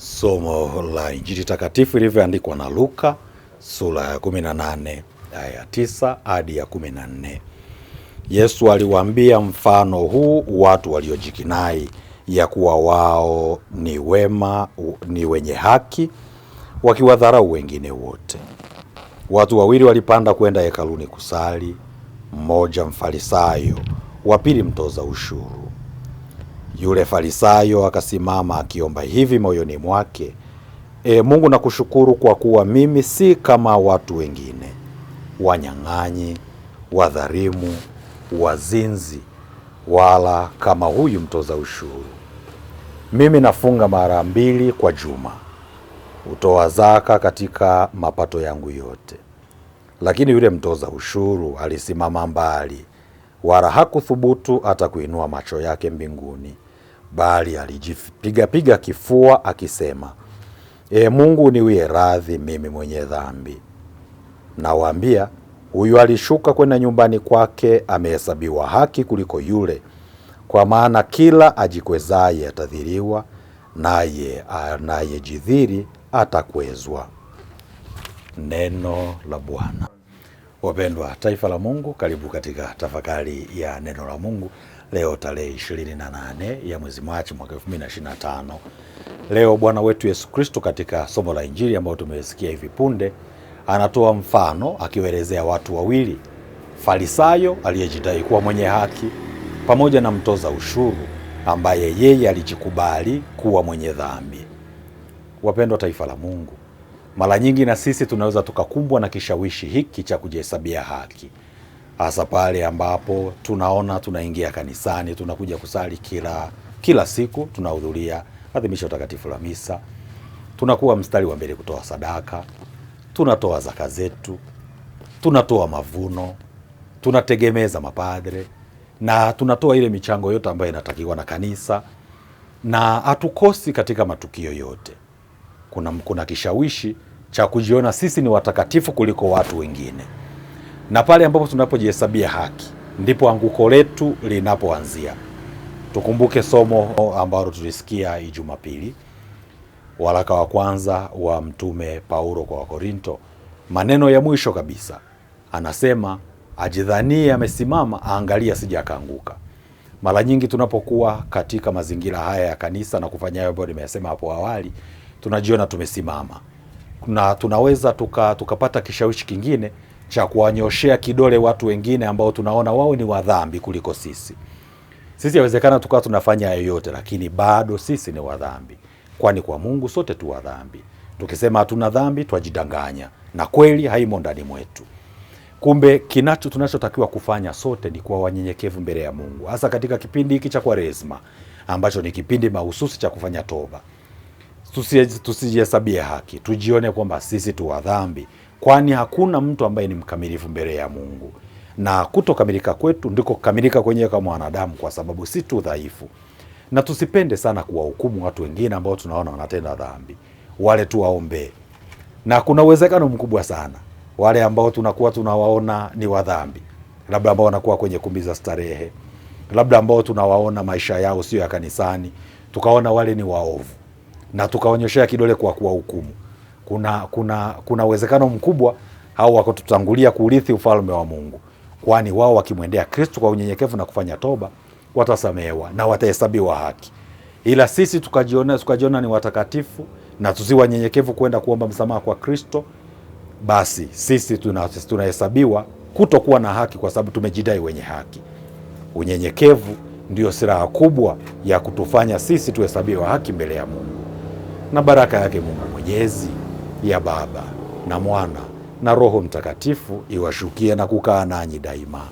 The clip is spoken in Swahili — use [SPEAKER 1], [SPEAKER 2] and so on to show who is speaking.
[SPEAKER 1] Somo la Injili takatifu ilivyoandikwa na Luka sura ya 18 aya 9 hadi ya 14. Yesu aliwaambia mfano huu watu waliojikinai ya kuwa wao ni wema, ni wenye haki wakiwadharau wengine wote. Watu wawili walipanda kwenda hekaluni kusali, mmoja mfarisayo, wa pili mtoza ushuru. Yule Farisayo akasimama akiomba hivi moyoni mwake, E Mungu, nakushukuru kwa kuwa mimi si kama watu wengine, wanyang'anyi, wadhalimu, wazinzi, wala kama huyu mtoza ushuru. Mimi nafunga mara mbili kwa juma, hutoa zaka katika mapato yangu yote. Lakini yule mtoza ushuru alisimama mbali, wala hakuthubutu hata kuinua macho yake mbinguni bali alijipigapiga kifua akisema, E Mungu niwie radhi mimi mwenye dhambi. Nawaambia, huyu alishuka kwenda nyumbani kwake amehesabiwa haki kuliko yule, kwa maana kila ajikwezaye atadhiriwa, naye anayejidhiri atakwezwa. Neno la Bwana. Wapendwa taifa la Mungu, karibu katika tafakari ya neno la Mungu leo tarehe 28 ya mwezi Machi mwaka tano. Leo Bwana wetu Yesu Kristo katika somo la Injili ambayo tumesikia hivi punde anatoa mfano akiwaelezea watu wawili, Farisayo aliyejidai kuwa mwenye haki pamoja na mtoza ushuru ambaye yeye alijikubali kuwa mwenye dhambi. Wapendwa taifa la Mungu, mara nyingi na sisi tunaweza tukakumbwa na kishawishi hiki cha kujihesabia haki hasa pale ambapo tunaona tunaingia kanisani, tunakuja kusali kila kila siku, tunahudhuria adhimisho takatifu la misa, tunakuwa mstari wa mbele kutoa sadaka, tunatoa zaka zetu, tunatoa mavuno, tunategemeza mapadre na tunatoa ile michango yote ambayo inatakiwa na kanisa, na hatukosi katika matukio yote. Kuna, kuna kishawishi cha kujiona sisi ni watakatifu kuliko watu wengine na pale ambapo tunapojihesabia haki ndipo anguko letu linapoanzia. Tukumbuke somo ambalo tulisikia Jumapili, waraka wa kwanza wa Mtume Paulo kwa Wakorinto, maneno ya mwisho kabisa, anasema ajidhanie amesimama, aangalia sija akaanguka. Mara nyingi tunapokuwa katika mazingira haya ya kanisa na kufanya hayo ambayo nimesema hapo awali, tunajiona tumesimama na tunaweza tukapata tuka kishawishi kingine cha kuwanyoshea kidole watu wengine ambao tunaona wao ni wadhambi kuliko sisi. Sisi yawezekana tukawa tunafanya yoyote, lakini bado sisi ni wadhambi, kwani kwa Mungu sote tu wadhambi. Tukisema hatuna dhambi twajidanganya na kweli haimo ndani mwetu. Kumbe kinacho tunachotakiwa kufanya sote ni kuwa wanyenyekevu mbele ya Mungu, hasa katika kipindi hiki cha Kwaresma ambacho ni kipindi mahususi cha kufanya toba. Tusijihesabie haki, tujione kwamba sisi tu wadhambi kwani hakuna mtu ambaye ni mkamilifu mbele ya Mungu, na kutokamilika kwetu ndiko kukamilika kwenyewe kama wanadamu, kwa sababu si tu dhaifu. Na tusipende sana kuwahukumu watu wengine ambao tunaona wanatenda dhambi, wale tuwaombee. Na kuna uwezekano mkubwa sana wale ambao tunakuwa tunawaona ni wadhambi, labda ambao wanakuwa kwenye kumbi za starehe, labda ambao tunawaona maisha yao sio ya kanisani, tukaona wale ni waovu na tukaonyeshea kidole kwa kuwahukumu kuna kuna kuna uwezekano mkubwa hao wakatutangulia kuurithi ufalme wa Mungu, kwani wao wakimwendea Kristo kwa unyenyekevu na kufanya toba watasamehewa na watahesabiwa haki, ila sisi tukajiona, tukajiona ni watakatifu na tusi wanyenyekevu kwenda kuomba msamaha kwa Kristo, basi sisi tunahesabiwa kutokuwa na haki kwa sababu tumejidai wenye haki. Unyenyekevu ndiyo silaha kubwa ya kutufanya sisi tuhesabiwa haki mbele ya Mungu na baraka yake Mungu Mwenyezi ya Baba na Mwana na Roho Mtakatifu iwashukie na kukaa nanyi daima.